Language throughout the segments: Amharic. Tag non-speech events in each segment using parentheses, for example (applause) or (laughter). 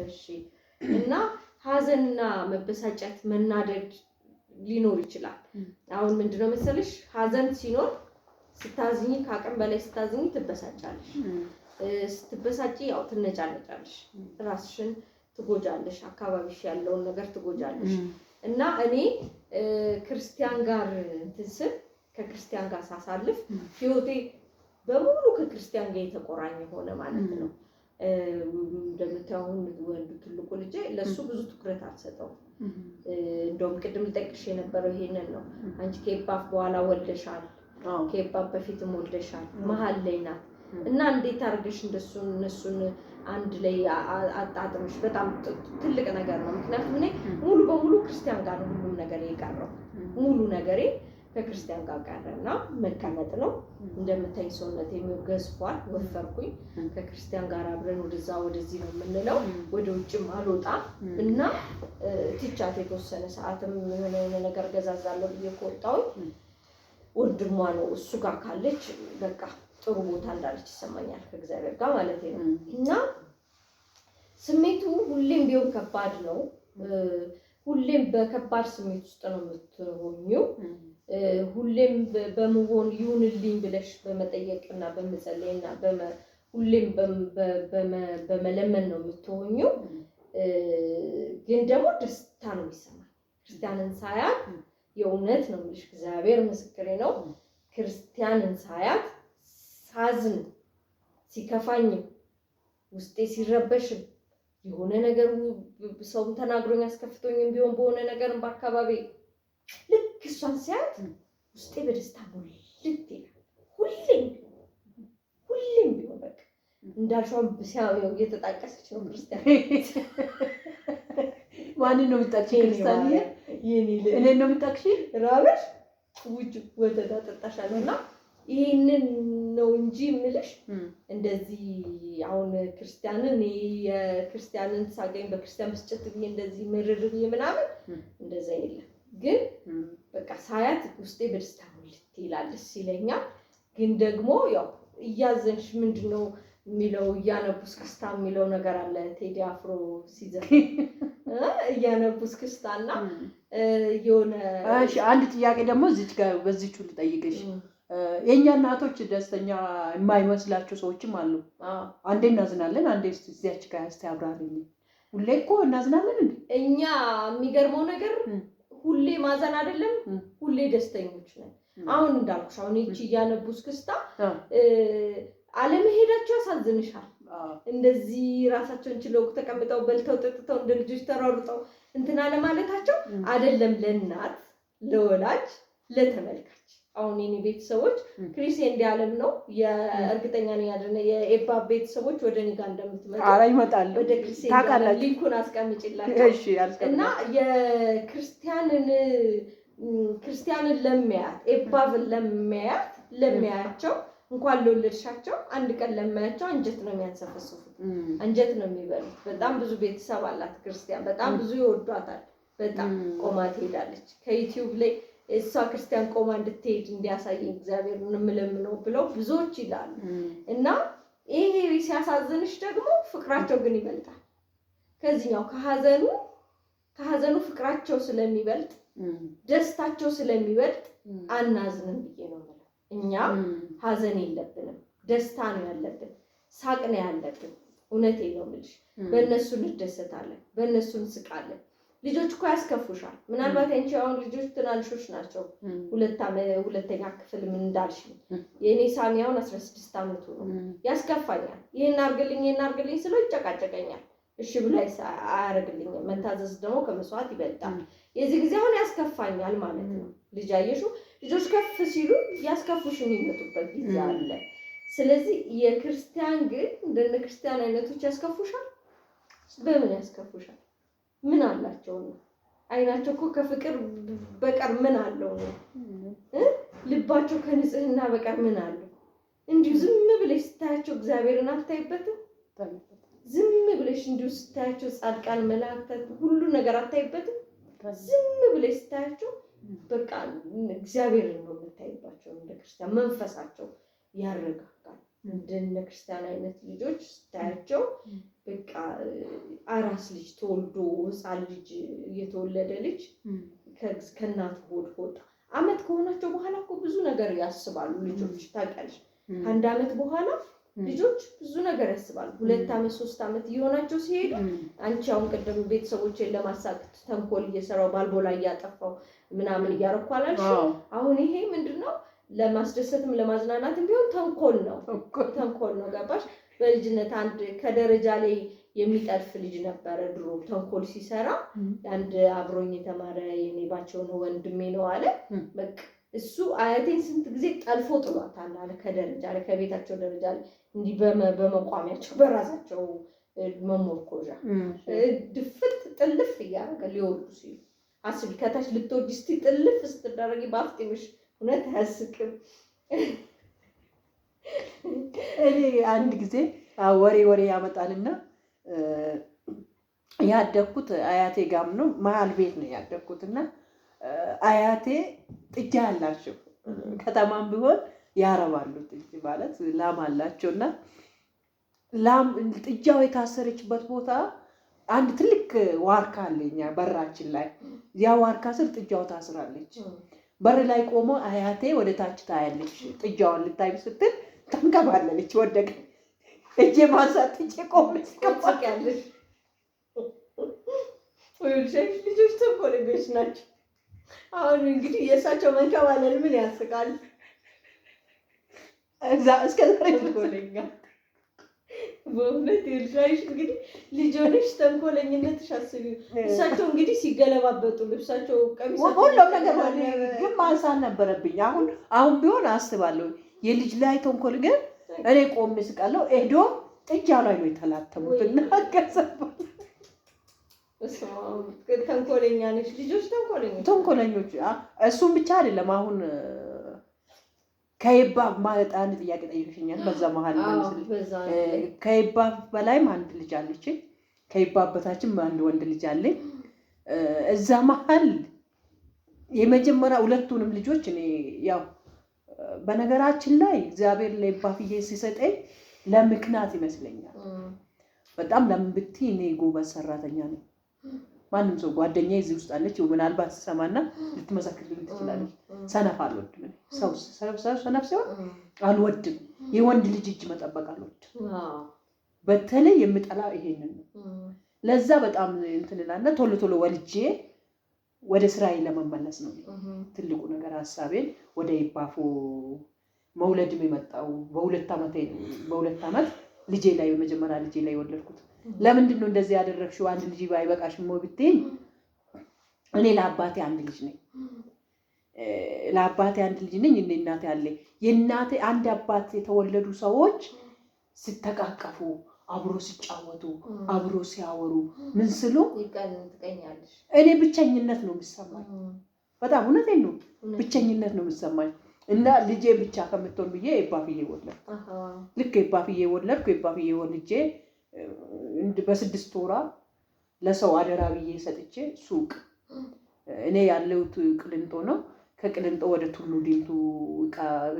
እሺ እና ሀዘንና መበሳጨት መናደድ ሊኖር ይችላል። አሁን ምንድነው መሰለሽ ሀዘን ሲኖር ስታዝኝ ከአቅም በላይ ስታዝኝ ትበሳጫለሽ። ስትበሳጪ ያው ትነጫነጫለሽ፣ ራስሽን ትጎጃለሽ፣ አካባቢሽ ያለውን ነገር ትጎጃለሽ። እና እኔ ክርስቲያን ጋር እንትን ስል ከክርስቲያን ጋር ሳሳልፍ ህይወቴ በሙሉ ከክርስቲያን ጋር የተቆራኘ ሆነ ማለት ነው። እንደምታየው ወንዱ ትልቁ ልጄ ለእሱ ብዙ ትኩረት አልሰጠውም። እንደውም ቅድም ልጠቅሽ የነበረው ይሄንን ነው። አንቺ ኬባብ በኋላ ወልደሻል፣ ኬባብ በፊትም ወልደሻል፣ መሀል ላይ ናት እና እንዴት አድርገሽ እንደሱ እነሱን አንድ ላይ አጣጥምሽ በጣም ትልቅ ነገር ነው። ምክንያቱም እኔ ሙሉ በሙሉ ክርስቲያን ጋር ሁሉም ነገር የቀረው ሙሉ ነገሬ ከክርስቲያን ጋር ቀረና መቀመጥ ነው። እንደምታይ ሰውነት ገዝፏል፣ ወፈርኩኝ። ከክርስቲያን ጋር አብረን ወደዛ ወደዚህ ነው የምንለው። ወደ ውጭም አልወጣ እና ትቻት የተወሰነ ሰዓትም የሆነ የሆነ ነገር ገዛዛለሁ ብዬ ከወጣሁኝ ወንድሟ ነው እሱ ጋር ካለች በቃ ጥሩ ቦታ እንዳለች ይሰማኛል፣ ከእግዚአብሔር ጋር ማለት ነው እና ስሜቱ ሁሌም ቢሆን ከባድ ነው። ሁሌም በከባድ ስሜት ውስጥ ነው የምትሆኘው ሁሌም በመሆን ይሁንልኝ ብለሽ በመጠየቅና በመጸለይና ሁሌም በመለመን ነው የምትሆኘው ግን ደግሞ ደስታ ነው የሚሰማኝ ክርስቲያንን ሳያት የእውነት ነው የምልሽ፣ እግዚአብሔር ምስክሬ ነው። ክርስቲያንን ሳያት ሳዝን፣ ሲከፋኝም፣ ውስጤ ሲረበሽም የሆነ ነገር ሰውም ተናግሮኝ አስከፍቶኝም ቢሆን በሆነ ነገርም በአካባቢ ልክ እሷን ሲያት ውስጤ በደስታ ልት ይላል። ሁሌም ሁሌም ቢሆን በቃ እንዳልሽውን ሲያየው እየተጣቀሰች ነው ክርስቲያን ማንን ነው የምጣቅሽ? ክርስቲያን ይህን እኔን ነው የምጣቅሽ? ራበሽ ውጭ ወተት አጠጣሻለሁ እና ይህንን ነው እንጂ የምልሽ እንደዚህ አሁን ክርስቲያንን የክርስቲያንን ሳገኝ በክርስቲያን ብስጭት ብዬ እንደዚህ ምርር ብዬ ምናምን እንደዛ የለም። ግን በቃ ሳያት ውስጤ በደስታ ሙልት ይላለች ሲለኛ፣ ግን ደግሞ ያው እያዘንሽ ምንድን ነው የሚለው እያነቡስ ክስታ የሚለው ነገር አለ ቴዲ አፍሮ ሲዘፍ (laughs) እያነቡስ ክስታና የሆነ አንድ ጥያቄ ደግሞ እዚች ጋር በዚቹ ልጠይቅሽ የእኛ እናቶች ደስተኛ የማይመስላቸው ሰዎችም አሉ። አንዴ እናዝናለን፣ አንዴ እዚያች ጋር እስኪ አብራሪልኝ። ሁሌ እኮ እናዝናለን እኛ የሚገርመው ነገር ሁሌ ማዘን አይደለም፣ ሁሌ ደስተኞች ነን። አሁን እንዳልኩሽ አሁን ይቺ እያነቡ እስክስታ አለመሄዳቸው ያሳዝንሻል። እንደዚህ ራሳቸውን ችለው ተቀምጠው በልተው ጠጥተው እንደ ልጆች ተሯሩጠው እንትን አለማለታቸው አይደለም ለእናት ለወላጅ ለተመልካች አሁን የኔ ቤተሰቦች ክሪስ እንዲያለም ነው የእርግጠኛ ነው ያደነ የኤባ ቤተሰቦች ወደ እኔ ጋር እንደምትመጣ ኧረ ይመጣሉ። ወደ ክሪስ ሊንኩን አስቀምጭላቸው። እሺ እና የክርስቲያንን ክርስቲያንን ለሚያት ኤባብን ለሚያት ለሚያያቸው እንኳን ለወለድሻቸው አንድ ቀን ለማያቸው አንጀት ነው የሚያንሰፈስፉት፣ አንጀት ነው የሚበሉት። በጣም ብዙ ቤተሰብ አላት ክርስቲያን፣ በጣም ብዙ ይወዷታል። በጣም ቆማ ትሄዳለች ከዩቲዩብ ላይ እሷ ክርስቲያን ቆማ እንድትሄድ እንዲያሳየኝ እግዚአብሔር እንምለምነው ብለው ብዙዎች ይላሉ። እና ይሄ ሲያሳዝንሽ ደግሞ ፍቅራቸው ግን ይበልጣል። ከዚህኛው ከሀዘኑ ከሀዘኑ ፍቅራቸው ስለሚበልጥ ደስታቸው ስለሚበልጥ አናዝንም ብዬ ነው የምለው። እኛ ሀዘን የለብንም፣ ደስታ ነው ያለብን፣ ሳቅ ነው ያለብን። እውነቴ ነው የምልሽ። በእነሱ እንደሰታለን፣ በእነሱ እንስቃለን። ልጆች እኮ ያስከፉሻል። ምናልባት አንቺ አሁን ልጆች ትናንሾች ናቸው። ሁለተኛ ክፍል ምን እንዳልሽ የእኔ ሳሚ አሁን አስራ ስድስት ነው። ያስከፋኛል። ይህን አርግልኝ ይህን አርግልኝ ስለው ይጨቃጨቀኛል። እሺ ብሎ አያደርግልኝም። መታዘዝ ደግሞ ከመስዋዕት ይበልጣል። የዚህ ጊዜ አሁን ያስከፋኛል ማለት ነው። ልጅ አየሹ፣ ልጆች ከፍ ሲሉ ያስከፉሽ የሚመጡበት ጊዜ አለ። ስለዚህ የክርስቲያን ግን እንደነ ክርስቲያን አይነቶች ያስከፉሻል። በምን ያስከፉሻል? ምን አላቸው ነው? አይናቸው እኮ ከፍቅር በቀር ምን አለው ነው? ልባቸው ከንጽህና በቀር ምን አለው? እንዲሁ ዝም ብለሽ ስታያቸው እግዚአብሔርን አታይበትም? ዝም ብለሽ እንዲሁ ስታያቸው ጻድቃን መላእክት፣ ሁሉ ነገር አታይበትም? ዝም ብለሽ ስታያቸው በቃ እግዚአብሔርን ነው የምታይባቸው። እንደ ክርስቲያን መንፈሳቸው ያረጋጋል። እንደነ ክርስቲያን አይነት ልጆች ስታያቸው በቃ አራስ ልጅ ተወልዶ ህፃን ልጅ እየተወለደ ልጅ ከእናቱ ሆድ ወጣ። አመት ከሆናቸው በኋላ እኮ ብዙ ነገር ያስባሉ ልጆች ታውቂያለሽ። ከአንድ አመት በኋላ ልጆች ብዙ ነገር ያስባሉ። ሁለት አመት ሶስት አመት እየሆናቸው ሲሄዱ አንቺ አሁን ቅድም ቤተሰቦችን ለማሳቅት ተንኮል እየሰራው ባልቦላ እያጠፋው ምናምን እያረኳላቸው አሁን ይሄ ምንድን ነው? ለማስደሰትም ለማዝናናትም ቢሆን ተንኮል ነው ተንኮል ነው። ገባሽ? በልጅነት አንድ ከደረጃ ላይ የሚጠልፍ ልጅ ነበረ ድሮ ተንኮል ሲሰራ አንድ አብሮኝ የተማረ የኔ ነው ወንድሜ ነው አለ በቃ እሱ አያቴን ስንት ጊዜ ጠልፎ ጥሏታል አለ ከደረጃ ላይ ከቤታቸው ደረጃ ላይ እንዲህ በመቋሚያቸው በራሳቸው መሞርኮዣ ድፍት ጥልፍ እያደረገ ሊወዱ ሲሉ አስቢ ከታች ልትወጂ ስቲ ጥልፍ ስትደረጊ በአፍጢምሽ እውነት አያስቅም። እኔ አንድ ጊዜ ወሬ ወሬ ያመጣልና ያደግኩት አያቴ ጋም ነው። መሀል ቤት ነው ያደግኩት እና አያቴ ጥጃ አላቸው። ከተማም ቢሆን ያረባሉ። ጥጅ ማለት ላም አላቸው እና ላም ጥጃው የታሰረችበት ቦታ አንድ ትልቅ ዋርካ አለኛ በራችን ላይ ያ ዋርካ ስር ጥጃው ታስራለች። በር ላይ ቆሞ አያቴ ወደ ታች ታያለች። ጥጃዋን ልታይ ስትል ተንከባለለች፣ ወደቀ። እጄ ማንሳት ጥጄ ቆመች። ከፋቅ ያለች ልጆች ተኮለጎች ናቸው። አሁን እንግዲህ የእሳቸው መንከባለል ምን ያስቃል? እዛ እስከ ዛሬ በእውነት የልጅሽ እንግዲህ ልጅ ሆነሽ ተንኮለኝነትሽ አስቢው። እሳቸው እንግዲህ ሲገለባበጡ ልብሳቸው፣ ቀሚሳቸው፣ ሁሉም ነገር ግን ማንሳት ነበረብኝ። አሁን አሁን ቢሆን አስባለሁ የልጅ ላይ ተንኮል ግን እኔ ቆሜ ስቃለሁ። ኤዶ ጥጃ ላይ ነው የተላተሙት እና ተንኮለኛ ነች። ልጆች ተንኮለኞች ተንኮለኞች እሱም ብቻ አይደለም አሁን ከይባብ ማለት አንድ ጥያቄ ጠይቅሽኛል። በዛ መሀል ከይባብ በላይም አንድ ልጅ አለችኝ። ከይባብ በታችም አንድ ወንድ ልጅ አለኝ። እዛ መሀል የመጀመሪያ ሁለቱንም ልጆች እኔ ያው በነገራችን ላይ እግዚአብሔር ለይባብዬ ሲሰጠኝ ለምክንያት ይመስለኛል። በጣም ለምን ብትይ እኔ ጎበዝ ሰራተኛ ነው። ማንም ሰው ጓደኛ እዚህ ውስጥ አለች፣ ምናልባት ስሰማና ልትመሰክርልኝ ትችላለች። ሰነፍ አልወድም ሰው ሲሆን አልወድም። የወንድ ልጅ እጅ መጠበቅ አልወድም። በተለይ የምጠላው ይሄንን ነው። ለዛ በጣም እንትን እላለሁ። ቶሎ ቶሎ ወልጄ ወደ ስራዬ ለመመለስ ነው ትልቁ ነገር ሀሳቤን። ወደ ይባፎ መውለድም የመጣው በሁለት ዓመት ልጄ ላይ በመጀመሪያ ልጄ ላይ የወለድኩት ለምንድን ነው እንደዚህ ያደረግሽው? አንድ ልጅ ባይበቃሽ ሞ ብትይኝ እኔ ለአባቴ አንድ ልጅ ነኝ ለአባቴ አንድ ልጅ ነኝ እኔ እናቴ አለኝ። የእናቴ አንድ አባት የተወለዱ ሰዎች ሲተቃቀፉ አብሮ ሲጫወቱ አብሮ ሲያወሩ ምን ስሉ እኔ ብቸኝነት ነው የሚሰማኝ። በጣም እውነቴን ነው፣ ብቸኝነት ነው የሚሰማኝ እና ልጄ ብቻ ከምትሆን ብዬ ኤባፍዬ ወለድኩ። ልክ ኤባፍዬ ወለድኩ። ኤባፍዬ ወልጄ በስድስት ወራ ለሰው አደራ ብዬ ሰጥቼ ሱቅ እኔ ያለሁት ቅልንጦ ነው ከቅሊንጦ ወደ ቱሉ ዲምቱ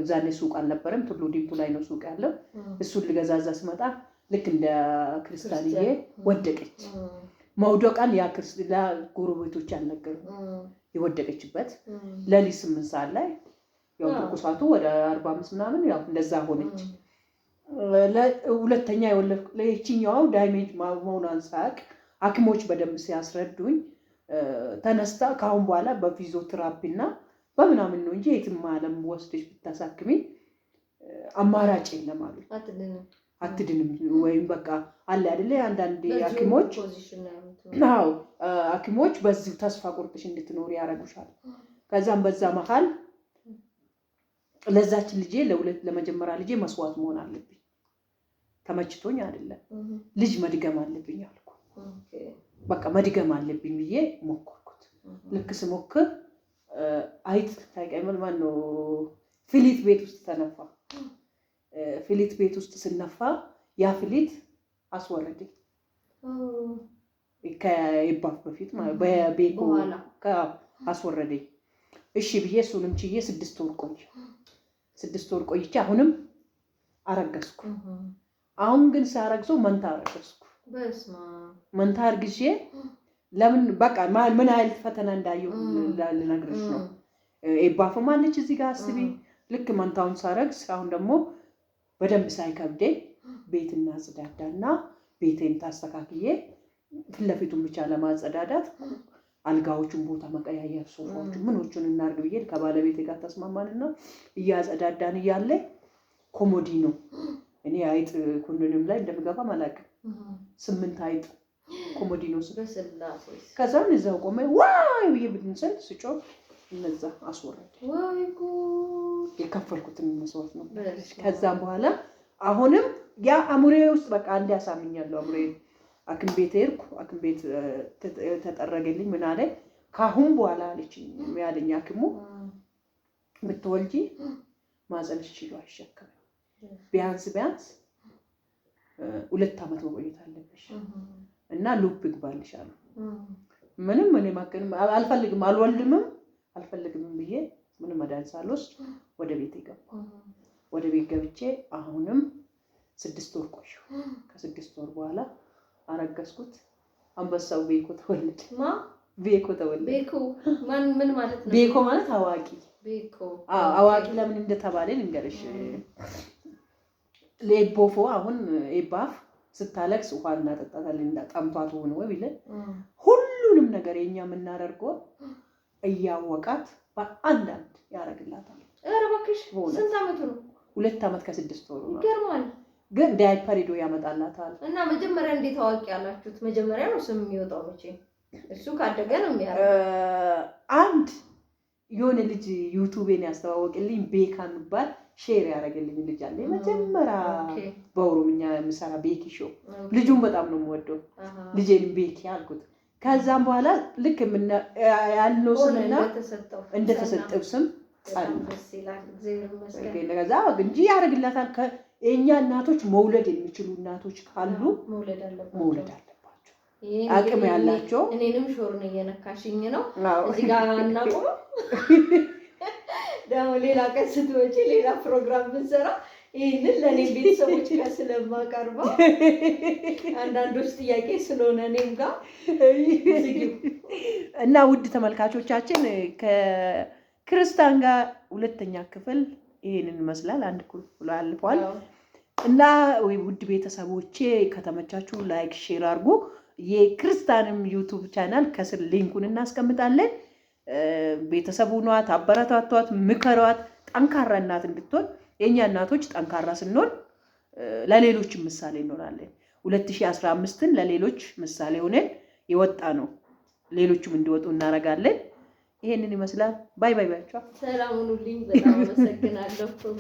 እዛ ላይ ሱቅ አልነበረም። ቱሉ ዲምቱ ላይ ነው ሱቅ ያለው። እሱን ልገዛዛ ስመጣ ልክ እንደ ክርስቲያንዬ ወደቀች። መውደቃን ያ ለጎረቤቶች አልነገሩ የወደቀችበት ለሊት ስምንት ሰዓት ላይ ያው ትኩሳቱ ወደ አርባ አምስት ምናምን ያው እንደዛ ሆነች። ሁለተኛ የወለድኩ ለየችኛዋ ዳይሜጅ መሆኗን ሳያውቅ ሐኪሞች በደንብ ሲያስረዱኝ ተነስታ ከአሁን በኋላ በፊዚዮቴራፒ እና በምናምን ነው እንጂ የትም ዓለም ወስደሽ ብታሳክሚ አማራጭ የለም አሉ። አትድንም ወይም በቃ አለ አይደለ አንዳንድ ሐኪሞች ው ሐኪሞች በዚሁ ተስፋ ቁርጥሽ እንድትኖር ያደርጉሻል። ከዛም በዛ መሀል ለዛችን ልጄ ለሁለት ለመጀመሪያ ልጄ መስዋዕት መሆን አለብኝ፣ ተመችቶኝ አይደለም ልጅ መድገም አለብኝ አልኩ። በቃ መድገም አለብኝ ብዬ ሞከርኩት። ልክ ስሞክር አይጥ ሳይቀምር ማን ነው ፍሊት ቤት ውስጥ ተነፋ። ፍሊት ቤት ውስጥ ስነፋ ያ ፍሊት አስወረደኝ ከይባፍ በፊት በቤቱ አስወረደኝ። እሺ ብዬ እሱንም ችዬ ስድስት ወር ቆይ ስድስት ወር ቆይቼ አሁንም አረገዝኩ። አሁን ግን ሳረግዘው መንታ አረገዝኩ። መንታ አርግዤ ለምን በቃ ምን ያህል ፈተና እንዳየሁ ልነግርሽ ነው። ኤባፍም አለች እዚህ ጋር አስቢ። ልክ መንታውን ሳረግ አሁን ደግሞ በደንብ ሳይከብደኝ ቤት እናጽዳዳና ቤቴን ታስተካክዬ ፊትለፊቱን ብቻ ለማጸዳዳት አልጋዎቹን ቦታ መቀያየር፣ ሶፋዎቹ ምኖቹን እናርግ ብዬ ከባለቤቴ ጋር ተስማማንና እያጸዳዳን እያለ ኮሞዲ እኔ አይጥ ኩንንም ላይ እንደምገባ አላውቅም። ስምንት አይጥ ኮሞዲኖ ከዛም እዛው ቆመ። ዋይ ብዬ ብንሰል ስጮ እነዛ አስወረደ። የከፈልኩትን መስዋዕት ነው። ከዛም በኋላ አሁንም ያ አሙሬ ውስጥ በቃ አንድ ያሳምኛለሁ። አሙሬ አክም ቤት ሄድኩ። አክም ቤት ተጠረገልኝ። ምን አለ ካሁን በኋላ አለች ያለኝ አክሙ ብትወልጂ ማጸነሽ ችሎ አይሸከምም። ቢያንስ ቢያንስ ሁለት ዓመት መቆየት አለብሽ እና ሉፕ ይግባልሽ አሉ። ምንም እኔ ማገንም አልፈልግም፣ አልወልድምም፣ አልፈልግም ብዬ ምንም መድኃኒት ሳልወስድ ወደ ቤት ይገባ ወደ ቤት ገብቼ አሁንም ስድስት ወር ቆሽ ከስድስት ወር በኋላ አረገዝኩት። አንበሳው ቤኮ ተወለደ። ቤኮ ተወለደ። ምን ማለት ነው? ቤኮ ማለት አዋቂ። አዋቂ ለምን እንደተባለ ልንገርሽ። ሌቦፎ አሁን ኤባፍ ስታለቅስ ውሃ እናጠጣታለን ጠምቷት ሆነ ወይ ብለን ሁሉንም ነገር የኛ የምናደርገውን እያወቃት በአንዳንድ ያደርግላታል። ኧረ እባክሽ ስንት ዓመቱ ነው? ሁለት ዓመት ከስድስት ወሩ ነው። ይገርማል። ግን ዳይፐር ሄዶ ያመጣላታል። እና መጀመሪያ እንዴት አዋቂ ያላችሁት? መጀመሪያ ነው ስም የሚወጣው መቼ? እሱ ካደገ ነው የሚያደርገው። አንድ የሆነ ልጅ ዩቱቤን ያስተዋወቅልኝ ቤካ የሚባል ሼር ያደረገልኝ ልጅ አለ። የመጀመሪያ በኦሮምኛ የምሰራ ቤኪ ሾ ልጁን በጣም ነው የምወደው። ልጄን ቤኪ አልኩት። ከዛም በኋላ ልክ ያልነው ስምና እንደተሰጠው ስም ጸናዛ እንጂ ያደረግላታል። የእኛ እናቶች መውለድ የሚችሉ እናቶች ካሉ መውለድ አለባቸው አቅም ያላቸው እኔንም ሾር እየነካሽኝ ነው እዚህ ጋር እናቁመው (laughs) ደግሞ ሌላ ቀን ስትመጪ ሌላ ፕሮግራም ብንሰራ ይህንን ቤተሰቦች ጋር ስለማቀርበው አንዳንዶች ጥያቄ ስለሆነ እኔም ጋር እና ውድ ተመልካቾቻችን ከክርስቲያን ጋር ሁለተኛ ክፍል ይህንን ይመስላል። አንድ ክፍል አልፏል እና ውድ ቤተሰቦቼ ከተመቻችሁ ላይክ፣ ሼር አድርጉ። የክርስቲያንም ዩቱብ ቻናል ከስር ሊንኩን እናስቀምጣለን። ቤተሰቡ ኗት፣ አበረታቷት፣ ምከሯት፣ ጠንካራ እናት እንድትሆን። የእኛ እናቶች ጠንካራ ስንሆን ለሌሎችም ምሳሌ እንሆናለን። 2015ን ለሌሎች ምሳሌ ሆነን የወጣ ነው። ሌሎችም እንዲወጡ እናደርጋለን። ይሄንን ይመስላል። ባይ ባይ ባያቸዋል። ሰላም ሁኑልኝ። በጣም አመሰግናለሁ።